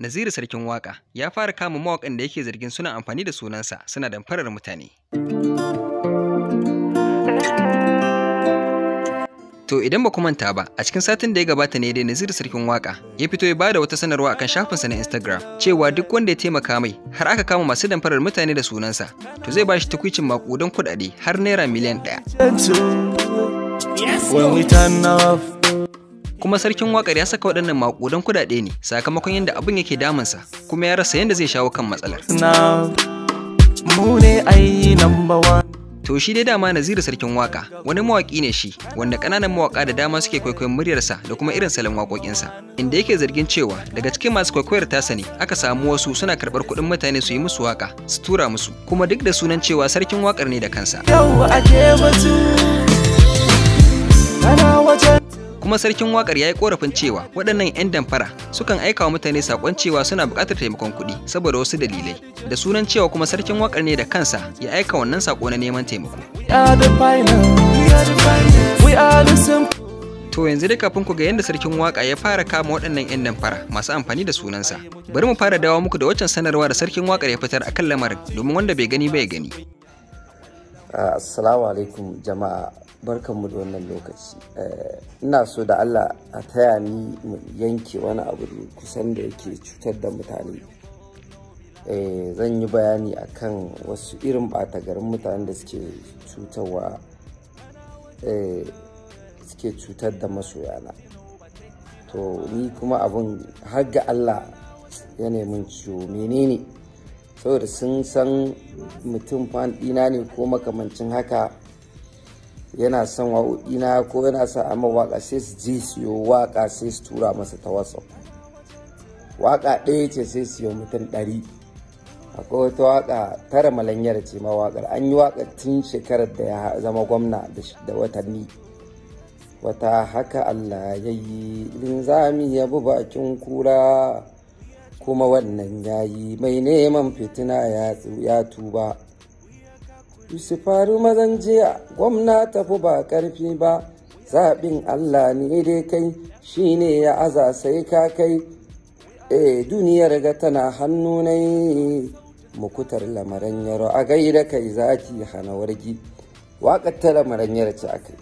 Naziru Sarkin Waka ya fara kama mawakan da yake zargin suna amfani da sunansa suna damfarar mutane. To idan ba manta ba, a cikin satin da ya gabata ne dai Naziru Sarkin Waka ya fito ya bada wata sanarwa akan shafinsa na Instagram cewa duk wanda ya taimaka mai har aka kama masu damfarar mutane da sunansa, to zai bashi takwicin makudan kuɗaɗe har naira miliyan ɗaya. kuma sarkin wakar ya saka waɗannan maƙudan kuɗaɗe ne sakamakon yadda abin yake damunsa kuma ya rasa yadda zai shawo kan matsalar. To shi dai dama Naziru sarkin waka wani mawaki ne shi wanda ƙananan mawaka da dama suke kwaikwayon muryarsa da kuma irin salon waƙoƙinsa inda yake zargin cewa daga cikin masu kwaikwayar tasa ne aka samu wasu suna karɓar kuɗin mutane su yi musu waka su tura musu kuma duk da sunan cewa sarkin wakar ne da kansa. kuma sarkin wakar ya yi korafin cewa waɗannan 'yan damfara sukan aika wa mutane saƙon cewa suna buƙatar taimakon kuɗi saboda wasu dalilai da sunan cewa kuma sarkin wakar ne da kansa ya aika wannan saƙo na neman taimako. To yanzu dai kafin ku ga yadda sarkin waka ya fara kama waɗannan 'yan damfara masu amfani da sunansa. Bari mu fara dawo muku da waccan sanarwa da sarkin wakar ya fitar akan lamarin domin wanda bai gani bai gani. Assalamu alaikum jama'a barkanmu da wannan lokaci eh, ina so da allah a taya ni mu yanke wani abu da kusan da yake cutar da mutane eh, zan yi bayani akan wasu irin batagarin garin mutanen da suke cutarwa eh, suke cutar da masoyana to ni kuma abin har ga allah ya min ciwo menene saboda sun san mutum fan ɗina ne ko makamancin haka yana son waƙoƙi na ko yana son amma waƙa sai su ji siyo waƙa sai su tura masa ta wasu. waƙa ɗaya ce sai su siyo mutum ɗari akwai wata waƙa tara malanyar ce ma waƙar an yi waƙa tun shekarar da ya zama gwamna da watanni wata haka Allah ya yi linzami ya bi bakin kura kuma wannan ya yi mai neman fitina ya tuba faru mazan jiya gwamna tafi ba karfi ba zaɓin allah ne dai kai shine ya aza sai ka kai e duniyar ga tana hannu na mukutar lamarin yaro a gaida kai zaki hana wargi waƙar ta yaro ce akai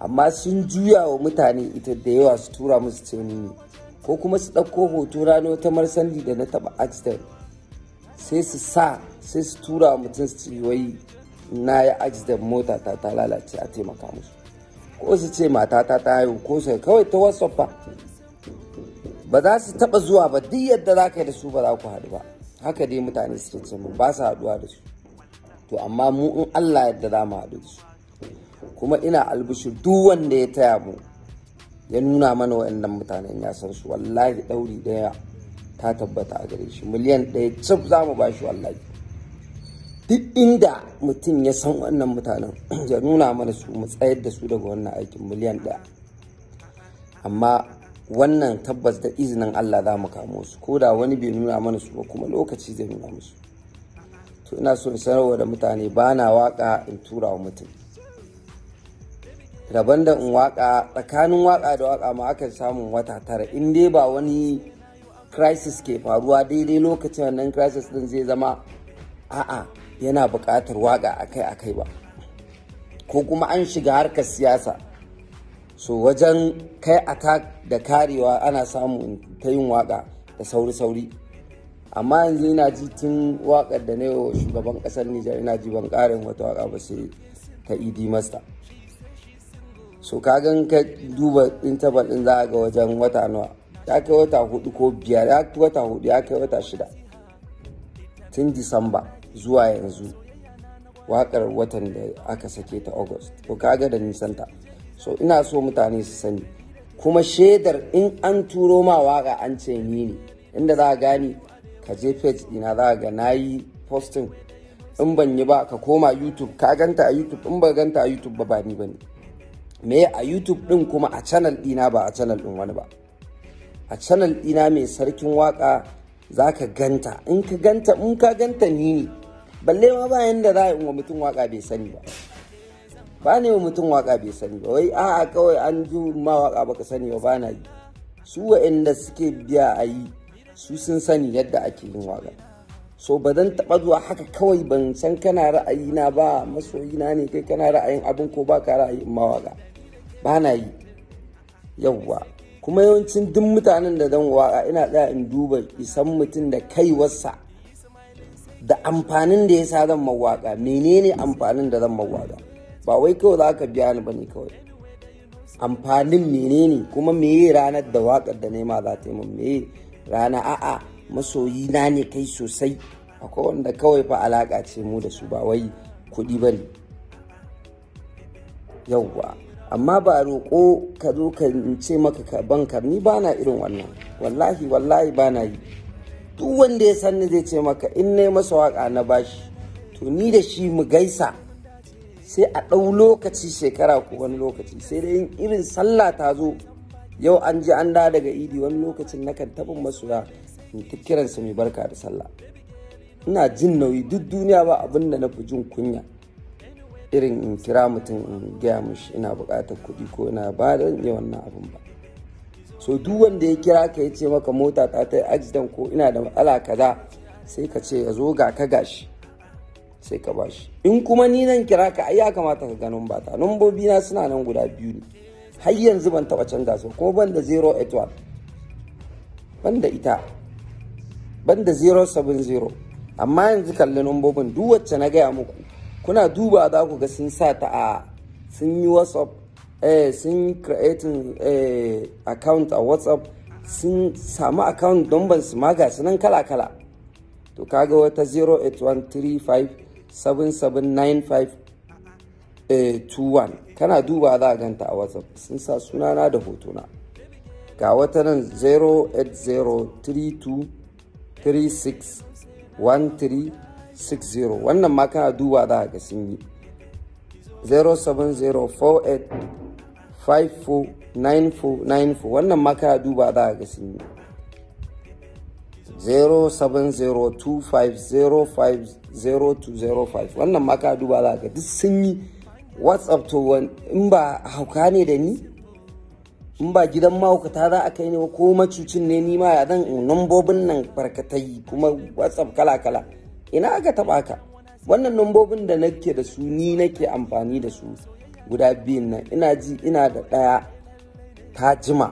amma sun juya wa mutane ita da yawa su tura musu ce ko kuma su ɗauko hoto rano ta marsandi da na taɓa accident sai su sa sai su tura wa mutum su ce wai na yi ajis da mota ta ta lalace a taimaka musu ko su ce mata ta ta haihu ko sai kawai ta whatsapp ba ba za su taba zuwa ba duk yadda za ka yi da su ba za ku haɗu ba haka dai mutane suke ce mu ba su haɗuwa da su to amma mu in Allah yadda za mu haɗu da su kuma ina albishir duk wanda ya taya mu ya nuna mana waɗannan mutanen ya san su wallahi ɗauri ɗaya ta tabbata a gare shi miliyan ɗaya cif za mu ba shi wallahi duk inda mutum ya san wannan mutanen ya nuna mana su mu tsayar da su daga wannan aikin miliyan ɗaya amma wannan tabbas da izinin Allah za mu kamo su ko da wani bai nuna mana su ba kuma lokaci zai nuna musu to ina so in sanarwa da mutane ba na waka in tura wa mutum daban da in waka tsakanin waka da waka ma akan samun wata tara in dai ba wani crisis ke faruwa daidai lokacin wannan crisis din zai zama a'a yana buƙatar waka akai-akai ba ko kuma an shiga harkar siyasa so wajen kai attack da karewa ana samu ta yin waka da sauri-sauri amma yanzu ina ji tun wakar da na wa shugaban ƙasar Nijar ina ji ban karin wata waka ba sai ta idi masta. so kagan ka duba interval din za ga wajen wata nawa ya kai wata hudu ko biyar ya kai wata hudu ya kai wata shida tun disamba zuwa yanzu wakar watan da aka sake ta august ko kaga da nisanta so ina so mutane su sani kuma shaidar in an turo ma waka an ce ni ne inda za a gani ka je page ina za ga na yi posting in ban yi ba ka koma youtube ka ganta a youtube in ba ganta a youtube ba ba ni ba ne me a youtube din kuma a channel dina ba a channel din wani ba a channel ɗina mai sarkin waka za ka ganta in ka ganta in ka ganta ni ne balle ma ba yanda za a yi wa mutum waka bai sani ba ba ne wa mutum waka bai sani ba wai a'a kawai an ji ma waka baka sani ba ba na yi su inda suke biya a yi su sun sani yadda ake yin waka so ba zan taɓa zuwa haka kawai ban san kana ra'ayi na ba masoyina ne kai kana ra'ayin abin ko ba ka ra'ayin mawaka ba na yi yawwa kuma yawancin duk mutanen da zan waka ina tsaya in duba isan mutum da kaiwarsa da amfanin da ya sa zan mawaka menene amfanin da zan mawaka ba wai kawai za ka biya ni bane kawai amfanin menene kuma meye ranar da wakar da nema za ta yi min meye rana a'a masoyi na ne kai sosai akwai wanda kawai fa alaka ce mu da su ba wai kuɗi bane ba. amma ba a roƙo ka zo ka ce maka ka bankar ni ba na irin wannan wallahi wallahi ba na yi duk wanda ya san ni zai ce maka in na yi masa waka na bashi to ni da shi mu gaisa sai a ɗau lokaci shekara ko wani lokaci sai dai irin sallah ta zo yau an ji an da daga idi wani lokacin nakan taɓin masoya in ta kiransa mai barka da sallah ina jin nauyi duk duniya ba abin da na fi jin kunya irin in kira mutum in gaya mushi ina bukatar kuɗi ko ina ba da iya wannan abin ba so duk wanda ya kira ka ya ce maka mota ta ta accident ko ina da matsala kaza sai ka ce ya zo ga ka gashi sai ka bashi in kuma ni nan kira ka ai ya kamata ka ganin ba ta numbobi na suna nan guda biyu ne har yanzu ban taba canza su kuma ban da 081 ban da ita ban da 070 amma yanzu kalli numbobin duk wacce na gaya muku kuna duba za ku ga sun sa ta a sun yi whatsapp eh, sun creating eh, account a whatsapp sun samu account ban su maga ga nan kala-kala to kaga wata 08135779521 eh, kana duba za a ganta a whatsapp sun sa sunana da hotona ga wata nan 080323613 60 wannan ma kana duba za ga sun yi 0704854949 wannan ma kana duba za ga sun yi 0702505020 wannan ma kana duba za ga duk sun yi whatsapp to in ba hauka ne da ni in ba gidan mahaukata za a kai ne ko macucin ne ni ma ya zan nambobin nan barkatai kuma whatsapp kala-kala ina aka taba ka wannan numbobin da nake da su ni nake amfani da su guda biyun nan ina ji ina da ɗaya ta jima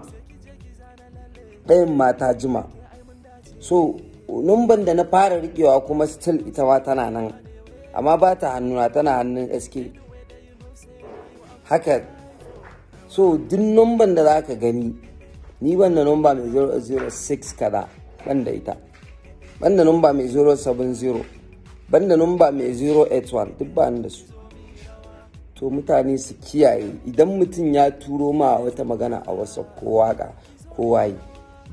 ɗayan ma ta jima so numban da na fara rikewa kuma still ita ma tana nan amma ba ta hannuna tana hannun sk haka so duk numban da za ka gani ni ban da numba mai 006 kada ban ita banda numba mai 070 banda numba mai 081 duk ba da su to mutane su kiyaye idan mutum ya turo ma wata magana a wasa ko ga kowa waye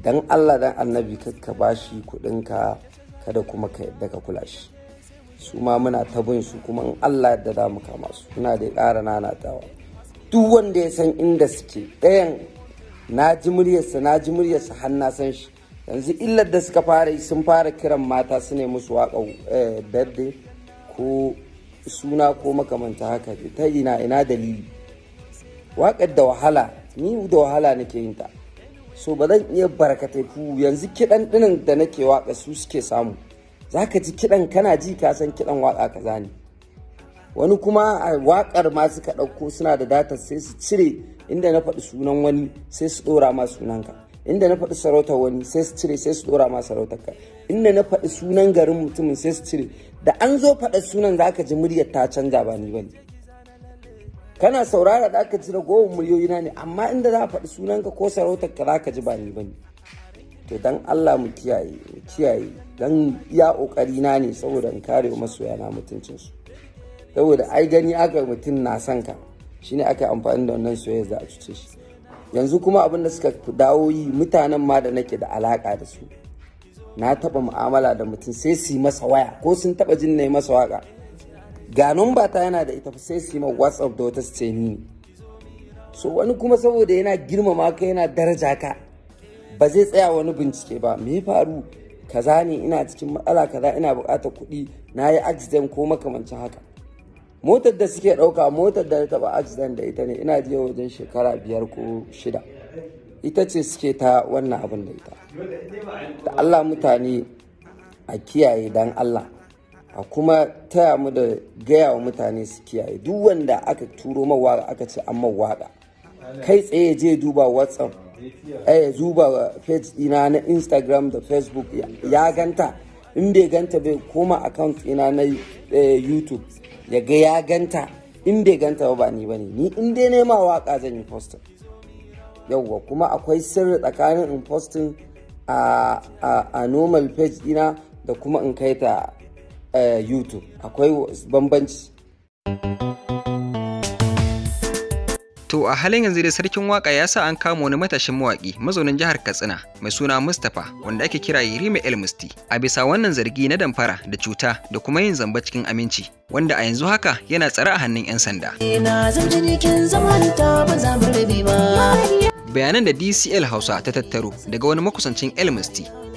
don Allah dan annabi ka bashi ka kada kuma ka yadda ka kula shi su ma muna ta bin su kuma in Allah yadda za mu kama su muna da ƙara nanatawa duk wanda ya san inda suke ɗayan na ji muryarsa na ji muryarsa har na san shi yanzu illar da suka fara sun fara kiran mata su ne musu waƙan eh, birthday ko suna ko makamanta haka ta ina ina dalili wakar da wahala ni da wahala nake yin ta so ba zan iya barkatai ku yanzu kiɗan ɗinin da nake waƙa su suke samu za ka ji kiɗan kana ji ka san kiɗan waƙa ka ne wani kuma a wakar masu suka ɗauko suna da data sai su cire inda na faɗi sunan wani sai su ɗora ma sunanka inda na faɗi sarautar wani sai su cire sai su ɗora ma sarautar ka inda na faɗi sunan garin mutumin sai su cire da an zo faɗa sunan za ka ji muryar ta canza ba ni bane kana saurara da aka cire gowon muryoyi na ne amma inda za a faɗi sunan ka ko sarautar ka za ka ji ba ni bane to dan Allah mu kiyaye mu kiyaye dan iya kokari na ne saboda in kare masoya na mutuncin su saboda ai gani aka mutum na son ka shine aka amfani da wannan soyayya za a cuce shi yanzu kuma abin da suka dawo yi mutanen ma da nake da alaka da su na taba mu'amala da mutum sai su yi masa waya ko sun taba jin na yi masa waka ga numba ta yana da ita sai su yi ma whatsapp da wata steni so wani kuma saboda yana girmama ka yana daraja ka ba zai tsaya wani bincike ba me faru kaza ne ina cikin matsala kaza ina buƙatar kuɗi na yi accident ko makamancin haka motar da suke ɗauka motar da na taɓa accident da ita ne ina je wajen shekara biyar ko shida ita ce suke ta wannan abin da ita da allah mutane a kiyaye dan allah a kuma taya mu da gaya wa mutane su kiyaye duk wanda aka turo mawaƙa aka ce an mawaƙa kai tsaye je duba whatsapp eh, ya zuba page ina na instagram da facebook ya ganta in bai ganta bai koma account ina na eh, youtube ya ga ya ganta in bai ganta ba ni bane ni in dai nema waka zan yi postin yauwa kuma akwai sirri tsakanin in posting a, normal page dina da kuma in kai ta uh, youtube akwai bambanci To a halin yanzu dai sarkin waka ya sa an kama wani matashin mawaki mazaunin jihar Katsina mai suna Mustapha wanda ake kira Yirima El Musti a bisa wannan zargi na damfara da cuta da kuma yin zamba cikin aminci wanda a yanzu haka yana tsare a hannun 'yan sanda. Bayanan da DCL Hausa ta tattaro daga wani makusancin El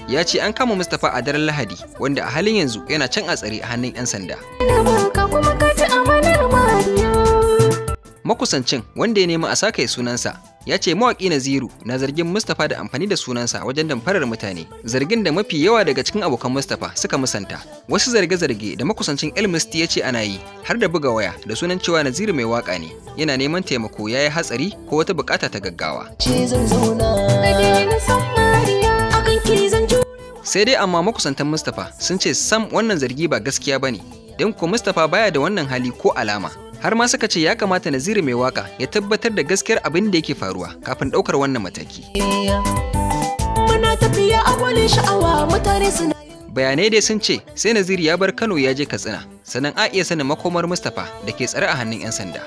ya ce an kama Mustapha a daren Lahadi wanda a halin yanzu yana can a tsare a hannun 'yan sanda. Makusancin wanda ya nemi a sake sunansa ya ce mawaƙi Naziru na zargin Mustapha da amfani da sunansa wajen damfarar mutane, zargin da mafi yawa daga cikin abokan Mustapha suka musanta. Wasu zarge-zarge da makusancin ilmisti ya ce ana yi har da buga waya da sunan cewa Naziru mai waƙa ne, yana neman taimako ya yi hatsari ko wata bukata ta gaggawa. Sai dai amma makusantan Mustapha sun ce sam wannan zargi ba gaskiya ba ne, don ko Mustapha baya da wannan hali ko alama. har ma suka ce ya kamata Naziru mai waka ya tabbatar da gaskiyar abin da yake faruwa kafin ɗaukar wannan mataki. Bayanai dai sun ce sai Naziru ya bar Kano ya je Katsina, sannan a iya sanin makomar Mustapha da ke tsare a hannun 'yan sanda.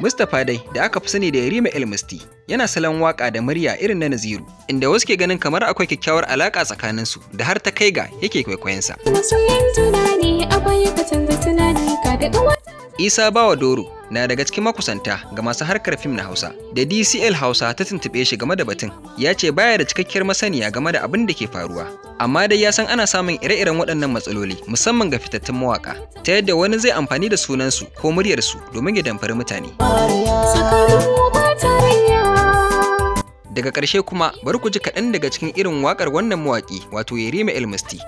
Mustapha dai da aka fi sani da Yarima Elmasti, yana salon waka da murya irin na Naziru inda wasu ke ganin kamar akwai kyakkyawar alaka tsakanin su da har ta kai ga yake kwaikwayon sa. Isa Bawa Doro na daga cikin makusanta ga masu harkar fim na Hausa. Da DCL Hausa ta tuntuɓe shi game da batun, ya ce baya da cikakkiyar masaniya game da abin da ke faruwa. Amma dai ya san ana samun ire-iren waɗannan matsaloli musamman ga fitattun mawaƙa, ta yadda wani zai amfani da sunansu ko muryarsu domin ya damfari mutane. Daga ƙarshe kuma bari ku ji kaɗan daga cikin irin waƙar wannan mawaƙi wato Yerima Elmasti,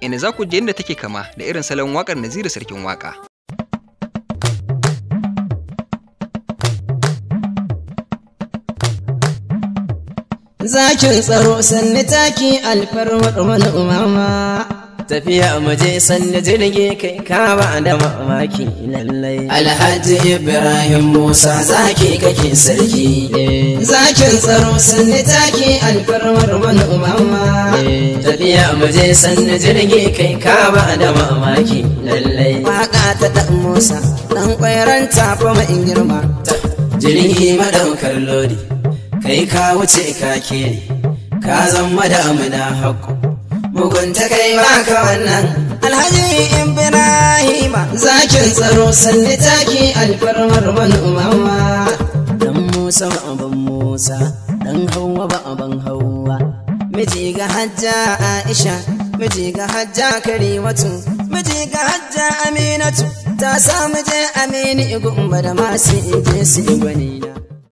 ina za ku ji yadda take kama da irin salon waƙar Naziru Sarkin Waƙa. zakin tsaro sanni taki alfarwar wani umama tafiya muje sanni jirgi kai kama da mamaki lallai alhaji ibrahim musa zaki kake sarki eh. zakin tsaro sanni taki alfarwar wani umama eh. tafiya muje sanni jirgi kai kama da mamaki lallai maka ta dan musa dan kwairan tafa mai girma jirgi madaukar lodi kai ka wuce ka kere ka zama da amina haƙo mugunta kai maka wannan alhaji ibrahima zakin tsaro sanni taki alfarmar wani umama dan musa ban musa dan hawa ba abin hawa miji ga hajja aisha miji ga hajja karimatu miji ga hajja aminatu ta samu je amini igun ba da masu je su gwani na